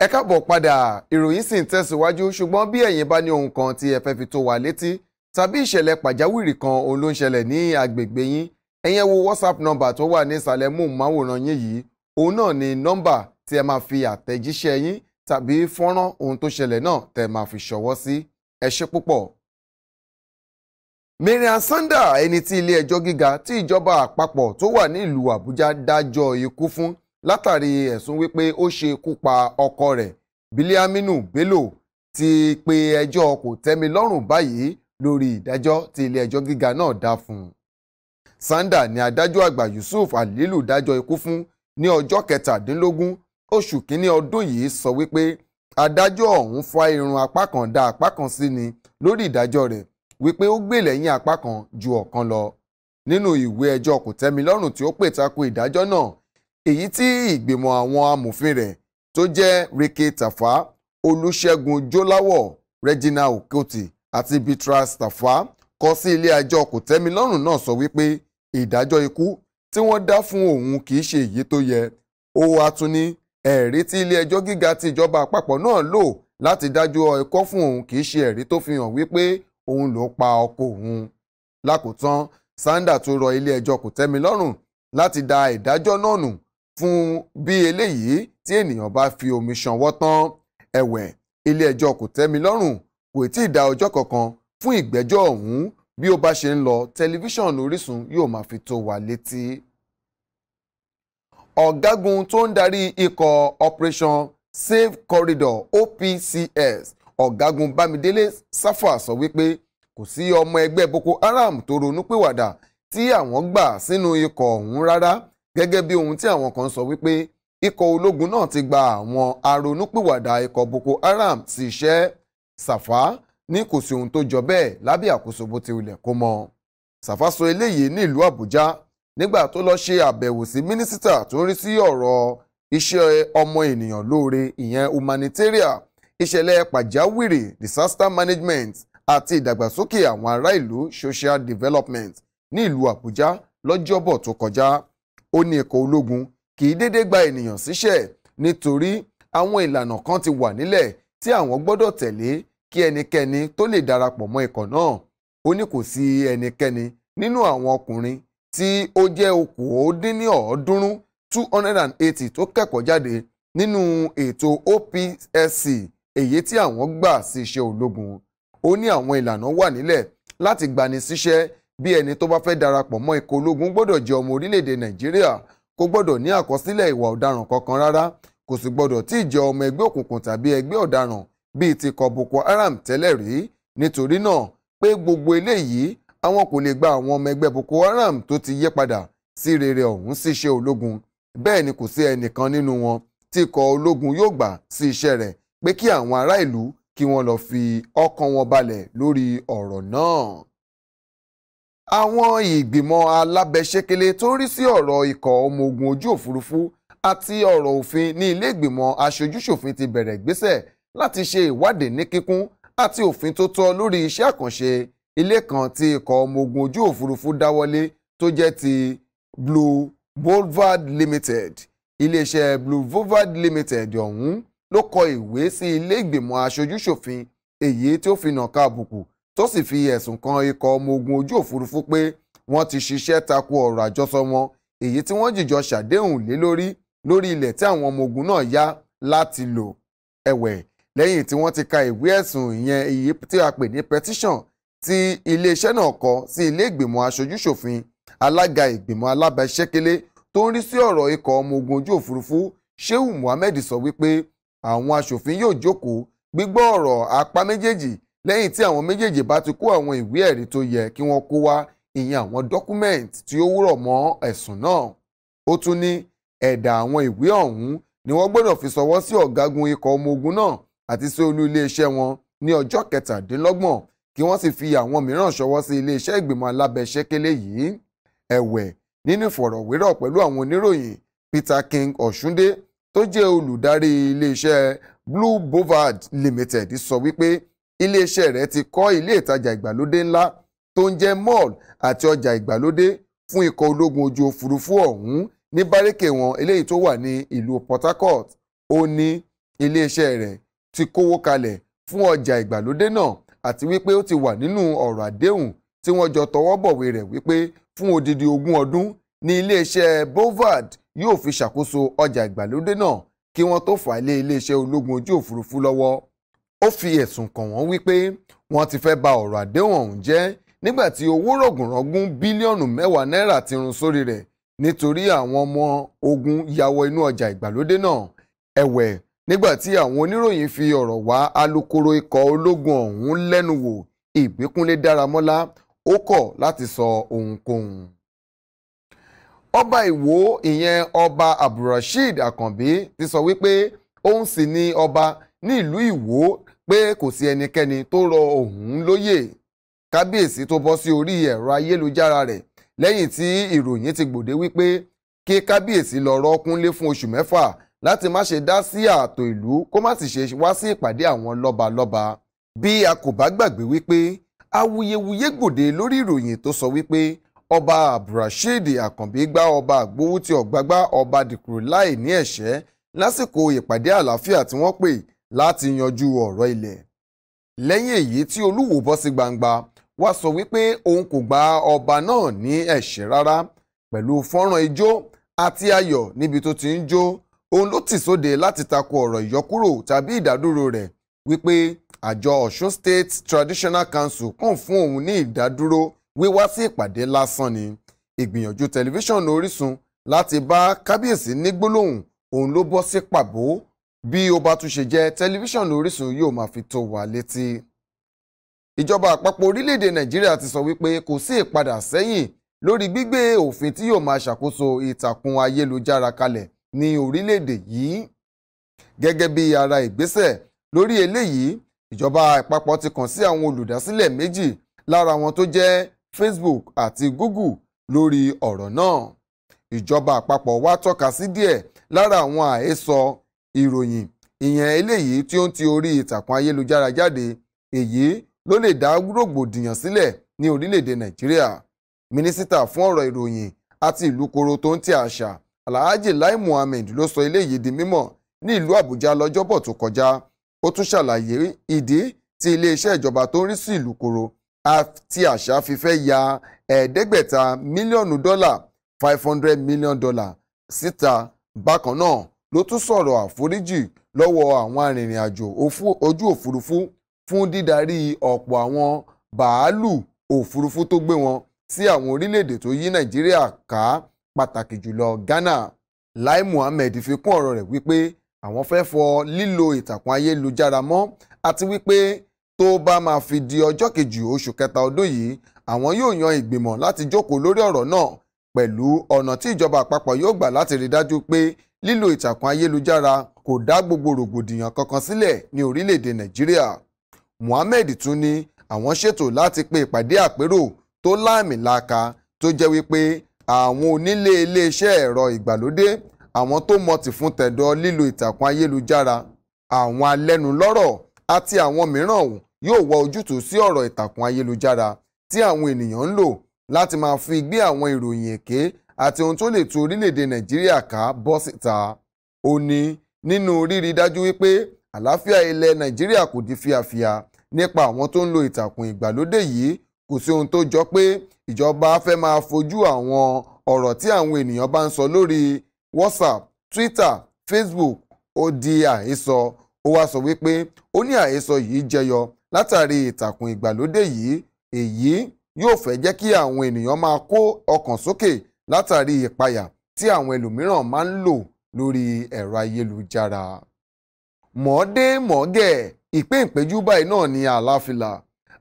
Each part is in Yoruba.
ẹ káàbọ̀ padà ìròyìn sì ń tẹ̀síwájú ṣùgbọ́n bí ẹ̀yin bá ní ohun kan tí ẹ fẹ́ fi tó wa létí tàbí ìṣẹ̀lẹ̀ pàjáwìrì kan òun ló ń ṣẹlẹ̀ ní agbègbè yín ẹ̀yẹn wo whatsapp nọ́mbà tó wà ní ìsàlẹ̀ móhùnmáwòrán yín yìí òun náà ni nọ́mbà tí ẹ máa fi àtẹ̀jíṣẹ́ yín tàbí fọ́nrán ohun tó ṣẹlẹ̀ náà tẹ̀ máa fi ṣọwọ́ sí ẹ ṣé púpọ̀. Marian Sanda ẹni tí ilé ẹjọ́ gíga tí ìjọba àpapọ̀ tó wà ní ìlú Àbújá dájọ́ ikú fún látàrí ẹ̀sùn wípé ó ṣe ikú pa ọkọ rẹ̀ Biliaminu Bello ti pe ẹjọ́ kò tẹ́mi lọ́rùn báyìí lórí ìdájọ́ tí ilé ẹjọ́ gíga náà dá fún un. Sanda ni adájọ́ àgbà Yusuf Alilu dájọ́ ikú fún ní ọjọ́ kẹtàdínlógún oṣù kínní ọdún yìí sọ wípé adájọ́ ọ̀hún fa irun apá kan dá apá kan sí ni lórí ìdájọ́ rẹ̀ wípé ó gbè lẹ́yìn apá kan ju ọ̀kan lọ. nínú ìwé ẹjọ́ kòtẹ́milọ́rùn tí ó pè tako ìdájọ́ náà èyí tí ìgbìmọ̀ àwọn amòfin rẹ̀ tó jẹ́ Reke Tafa Olúṣẹ́gun Jọláwọ̀ Regina Okoti àti Beatrice Tafa kọ sí ilé ẹjọ́ kòtẹ́milọ́rùn náà sọ wípé ìdájọ́ ikú tí wọ́n dá fún òun kì í ṣe èyí tó yẹ ó wá tún ní ẹ̀rí tí ilé ẹjọ́ gíga ti ìjọba àpapọ̀ náà lò láti dájọ́ ikọ́ fún òun kì ṣe ẹ̀rí tó fi hàn wípé òun ló pa ọkọ òun lákòótán Sanda tó rọ ilé ẹjọ́ kòtẹ́milọ́rùn láti da ìdájọ́ náà nù fún bí eléyìí tí ènìyàn bá fi omi ṣanwọ́ tán ẹ̀wẹ̀ ilé ẹjọ́ kòtẹ́milọ́rùn kò tí ì dá ọjọ́ kankan fún ìgbẹ́jọ́ ọ̀hún bí ó bá ṣe ń lọ tẹlifíṣàn Orísun yóò máa fi tó wa létí. ọ̀gágun tó ń darí ikọ̀ Operation Safe Corridor OPCS ọ̀gágun Bámidélé Sáfà sọ wípé kò sí ọmọ ẹgbẹ́ Boko Haram tó ronú pìwàdà tí àwọn gbà sínú ikọ̀ ọ̀hún rárá gẹ́gẹ́ bí ohun tí àwọn kan sọ wípé ikọ̀ ológun náà ti gba àwọn aronúpìwàdà ikọ̀ Boko Haram sí iṣẹ́ Sàfá ní kò sí ohun tó jọ bẹ́ẹ̀ lábẹ́ àkóso bó ti wulẹ̀ kó mọ́ Sàfá sọ eléyìí ní ìlú Àbújá nígbà tó lọ ṣe àbẹ̀wò sí mínísítà tó ń rí sí ọ̀rọ̀ iṣẹ́ ọmọ ènìyàn lóore ìyẹn humanitarian ìṣẹ̀lẹ̀ pàjáwìrì disaster management àti ìdàgbàsókè àwọn ará ìlú social development ní ìlú Àbújá lọ́jọ́bọ̀ tó kọjá ó ní ikọ̀ ológun kì í dédé gba ènìyàn síṣẹ́ nítorí àwọn ìlànà kan ti wà nílẹ̀ tí àwọn gbọ́dọ̀ tẹ̀lé kí ẹnikẹ́ni tó lè darapọ̀ mọ́ ikọ̀ náà ó ní kò sí ẹnikẹ́ni nínú àwọn ọkùnrin tí ó jẹ́ okòó-dín-ní-ọ̀ọ́dúnrún two hundred and eighty tó kẹ́kọ̀ọ́ jáde nínú ètò OPSC èyí tí àwọn gbà sí iṣẹ́ ológun ó ní àwọn ìlànà wà nílẹ̀ láti gbani síṣẹ́ bí ẹni tó bá fẹ́ darapọ̀ mọ́ ikọ̀ ológun gbọ́dọ̀ jẹ́ ọmọ orílẹ̀-èdè nàìjíríà kò gbọ́dọ̀ ní àkọsílẹ̀ ìwà ọ̀daràn kankan rárá kò sì gbọ́dọ̀ tí ì jẹ́ ọmọ ẹgbẹ́ òkùnkùn tàbí ẹgbẹ́ ọ̀daràn bíi ti kọ Boko Haram tẹ́lẹ̀ rí nítorí náà pé gbogbo eléyìí àwọn kò lè gba àwọn ọmọ ẹgbẹ́ Boko Haram tó ti yé padà sí rere ọ̀hún sí iṣẹ́ ológun bẹ́ẹ̀ ni kò sí ẹnìkan nínú wọn tí ikọ̀ ológun yóò gbà sí iṣẹ́ rẹ̀ pé kí àwọn ará ìlú kí wọ́n lọ fi ọkàn wọn balẹ̀ lórí ọ̀rọ̀ náà àwọn ìgbìmọ̀ alábẹ́sẹ́kẹlé tó ń rí sí ọ̀rọ̀ ikọ̀ ọmọ ogun ojú òfurufú àti ọ̀rọ̀ òfin ní ilé ìgbìmọ̀ aṣojúṣòfin ti bẹ̀rẹ̀ ìgbésẹ̀ láti ṣe ìwádìí ní kíkún àti òfin tó tọ́ lórí iṣẹ́ àkànṣe ilé kan tí ikọ̀ ọmọ ogun ojú òfurufú dáwọ́lé tó jẹ́ ti Blue Boulevard Limited iléeṣẹ́ Blue Boulevard Limited ọ̀hún ló kọ ìwé sí ilé ìgbìmọ̀ aṣojúṣòfin èyí tí ó fi nàka àbùkù tó sì fi ẹ̀sùn kan ikọ̀ ọmọ ogun ojú òfurufú pé wọ́n ti ṣiṣẹ́ tako ọ̀rọ̀ àjọsọ wọn èyí tí wọ́n jìjọ ṣàdéhùn lé lórí lórí ilẹ̀ tí àwọn ọmọ ogun náà yá láti lò ẹ̀wẹ̀ lẹ́yìn tí wọ́n ti ka ìwé ẹ̀sùn ìyẹn èyí tí a pè ní petition tí iléeṣẹ́ náà kọ sí ilé ìgbìmọ̀ aṣojúṣòfin alága ìgbìmọ̀ alábàáṣẹ́kélé tó ń rí sí ọ̀rọ̀ ikọ̀ ọmọ ogun ojú òfurufú Shehu Mohammed sọ wípé àwọn aṣòfin yóò jókòó gbígbọ́ ọ̀rọ̀ apá méjèèjì lẹ́yìn tí àwọn méjèèjì bá ti kó àwọn ìwé ẹ̀rí tó yẹ kí wọ́n kó wá ìyẹn àwọn dọ́kúmẹ̀ǹtì tí ó wúrọ̀ mọ́ ẹ̀sùn náà ó tún ní ẹ̀dà àwọn ìwé ọ̀hún ni wọ́n gbọ́dọ̀ fi sọwọ́ sí ọ̀gágun ikọ̀ ọmọ ogun náà àti sí olú iléeṣẹ́ wọn ní ọjọ́ kẹtàdínlọ́gbọ̀n kí wọ́n sì fi àwọn mìíràn ṣọwọ́ sí iléeṣẹ́ ìgbìmọ̀ alábẹ́sẹ́kẹ́lé yìí ẹ̀wẹ̀ nínú ìfọ̀rọ̀wérọ̀ pẹ̀lú àwọn oníròyìn Peter King Ọ̀ṣúndé tó jẹ́ olùdarí iléeṣẹ́ Blue Bovard Limited sọ wípé iléeṣẹ́ rẹ̀ ti kọ́ ilé ìtajà ìgbàlódé ńlá tó ń jẹ́ mall àti ọjà ìgbàlódé fún ikọ̀ ológun ojú òfurufú ọ̀hún ní bárékè wọn eléyìí tó wà ní ìlú Port Harcourt ó ní iléeṣẹ́ rẹ̀ ti kówó kalẹ̀ fún ọjà ìgbàlódé náà àti wípé ó ti wà nínú ọ̀rọ̀ àdéhùn tí wọ́n jọ tọwọ́ bọ̀wé rẹ̀ wípé fún odidi ogún ọdún ní iléeṣẹ́ Bovard yóò fi ṣàkóso ọjà ìgbàlódé náà kí wọ́n tó fà á lé iléeṣẹ́ ológun ojú òfurufú lọ́wọ́ ó fi ẹ̀sùn kàn wọ́n wípé wọ́n ti fẹ́ ba ọ̀rọ̀ àdéhùn ọ̀hún jẹ́ nígbà tí owó rọ̀gùnrọ̀gùn bílíọ̀nù mẹ́wàá náírà ti run sórí rẹ̀ nítorí àwọn ọmọ ogun ya wọ inú ọjà ìgbàlódé náà ẹ̀wẹ̀ nígbà tí àwọn oníròyìn fi ọ̀rọ̀ wá alukoro ikọ̀ ológun ọ̀hún lẹ́nu wò ìgbékúnlé dáramọ́lá ó kọ̀ láti sọ ohunkóhun ọba ìwó ìyẹn ọba abdulrasheed akànbí ti sọ wípé òun sì ni ọba ní ìlú ìwó pé kò sí ẹnikẹ́ni tó rọ òun lóyè kábíyèsí tó bọ́ sí orí ẹ̀rọ ayélujára rẹ̀ lẹ́yìn tí ìròyìn ti gbòde wípé kí kábíyèsí lọ rọ kúnlé fún oṣù mẹ́fà láti má ṣe dá sí ààtò ìlú kó má sì ṣe wá sí ìpàdé àwọn lọ́balọ́ba bí a kò bá gbàgbé wípé awuyewuye gbòde lórí ìròyìn tó sọ wípé ọba abdulrasheed àkànbí gbá ọba àgbowó tí ọ̀gbagbá ọba dìkùrù láì ní ẹ̀ṣẹ́ lásìkò ìpàdé àlàáfíà tí wọ́n pè láti yanjú ọ̀rọ̀ ilẹ̀ lẹ́yìn èyí tí olúwo bọ́ sí gbangba wá sọ wípé òun kò gba ọba náà ní ẹ̀ṣẹ̀ rárá pẹ̀lú fọ́nrán ijó àti ayọ̀ níbi tó ti ń jó òun ló tì sóde láti tako ọ̀rọ̀ ìyọkúrò tàbí ìdádúró rẹ̀ wípé àjọ Ọ̀ṣun State Traditional Council kàn fún òun ní ìdádúró wíwá sí ìpàdé lásán ni ìgbìyànjú tẹlifíṣàn Orísun láti bá kábíyèsí ní gbólóhùn òun ló bọ́ sí pàbó bí ó bá tún ṣe jẹ́ tẹlifíṣàn Orísun yóò máa fi tó wa létí. ìjọba àpapọ̀ orílẹ̀-èdè Nàìjíríà ti sọ wípé kò sí ìpadà sẹ́yìn lórí gbígbé òfin tí yóò máa ṣàkóso ìtàkùn ayélujára kalẹ̀ ní orílẹ̀-èdè yìí. gẹ́gẹ́ bí ara ìgbésẹ̀ lórí eléyìí ìjọba àpapọ̀ ti kàn sí àwọn olùdásílẹ̀ méjì lára wọn tó jẹ́ Facebook àti Google lórí ọ̀rọ̀ náà. ìjọba àpapọ̀ wá tọ́ka sí díẹ̀ lára àwọn àhesọ ìròyìn ìyẹn eléyìí tí ó ń ti orí ìtàkùn ayélujára jáde èyí ló lè dá rògbòdìyàn sílẹ̀ ní orílẹ̀-èdè nàìjíríà mínísítà fún ọ̀rọ̀ ìròyìn àti ìlúkoro tó ń ti àṣà alhaji lai muhammed ló sọ eléyìí di mímọ̀ ní ìlú àbújá lọ́jọ́bọ̀ tó kọjá ó tún ṣàlàyé ìdí tí iléeṣẹ́ ìjọba tó ń rí sí ìlúkoro àti àṣà fi fẹ́ ya ẹ̀ẹ́dẹ́gbẹ̀ta mílíọ̀nù dọ́là five hundred million dollar síta bákan náà ló tún sọ̀rọ̀ àforíjì lọ́wọ́ àwọn arìnrìn-àjò ojú òfurufú fún dídarí ọ̀pọ̀ àwọn bàálù òfurufú tó gbé wọn sí àwọn orílẹ̀-èdè tó yí Nàìjíríà ká pàtàkì jùlọ Ghana Lai Muhammed fi kún ọ̀rọ̀ rẹ̀ wípé àwọn fẹ́ fọ lílo ìtàkùn ayélujára mọ́ àti wípé tó bá máa fi di ọjọ́ kejì oṣù kẹta ọdún yìí àwọn yóò yan ìgbìmọ̀ láti jókòó lórí ọ̀rọ̀ náà pẹ̀lú ọ̀nà tí ìjọba àpapọ̀ yóò gbà láti rí dájú pé lílo ìtàkùn ayélujára kò dá gbogbo rògbòdìyàn kankan sílẹ̀ ní orílẹ̀-èdè nàìjíríà Mohammed tún ní àwọn ṣètò láti pe ìpàdé àpérò tó láàmìlàaka tó jẹ́ wípé àwọn onílé iléeṣẹ́ ẹ̀rọ ìgbàlódé àwọn tó mọtì fún tẹ̀dọ̀ lílo ìtàkùn ayélujára àwọn alẹ́nulọ́rọ̀ àti àwọn mìíràn yóò wá ojútùú sí ọ̀rọ̀ ìtàkùn ayélujára tí àwọn ènìyàn ń lò láti máa fi gbé àwọn ìròyìn èké àti ohun tó lè tu orílẹ̀-èdè nàìjíríà ká bọ́ síta ó ní nínú rírí dájú wípé àlàáfíà ilẹ̀ nàìjíríà kò di fíafíà nípa àwọn tó ń lo ìtàkùn ìgbàlódé yìí kò sí ohun tó jọ pé ìjọba fẹ́ máa fojú àwọn ọ̀rọ̀ tí àwọn ènìyàn bá ń sọ lórí whatsapp twitter facebook ó di àhesọ ó wá sọ wípé ó ní àhesọ yìí jẹyọ látàrí ìtàkùn ìgbàlódé yìí èyí yóò fẹ́ jẹ́ kí àwọn ènìyàn máa kó ọkàn sókè látàrí ìpayà tí àwọn ẹlòmíràn máa ń lò lórí ẹ̀rọ ayélujára. mọ̀ọ́dé mọ̀ọ́gẹ̀ ìpéǹpéjú báyìí náà ni àlàáfíà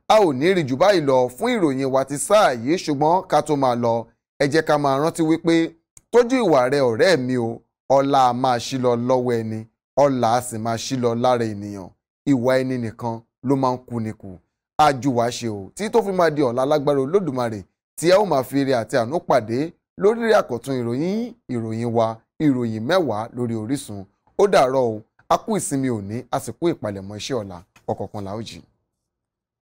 a ò ní rí jù báyìí lọ fún ìròyìn wa ti sáà yìí ṣùgbọ́n ká tó máa lọ ẹ jẹ́ ká máa rántí wípé tójú ìwà rẹ ọ̀rẹ́ mi o ọlá a máa ṣí lọ lọ́wọ́ ẹni ọlá a sì máa ṣí lọ lára ènìyàn ìwà ẹni nìkan ló máa ń kú ni kù àjùwà ṣe o tí tó fi máa di ọ̀la lágbára olódùmarè tí ẹ ó máa fi ire àti àánú pàdé lórí àkọ́tún ìròyìn ìròyìn wa ìròyìn mẹ́wàá lórí Orísun ó dàárọ̀ o a kú ìsinmi òní a ìpalẹ̀mọ́ iṣẹ́ ọ̀la ọ̀kọ̀ọ̀kan làó jì.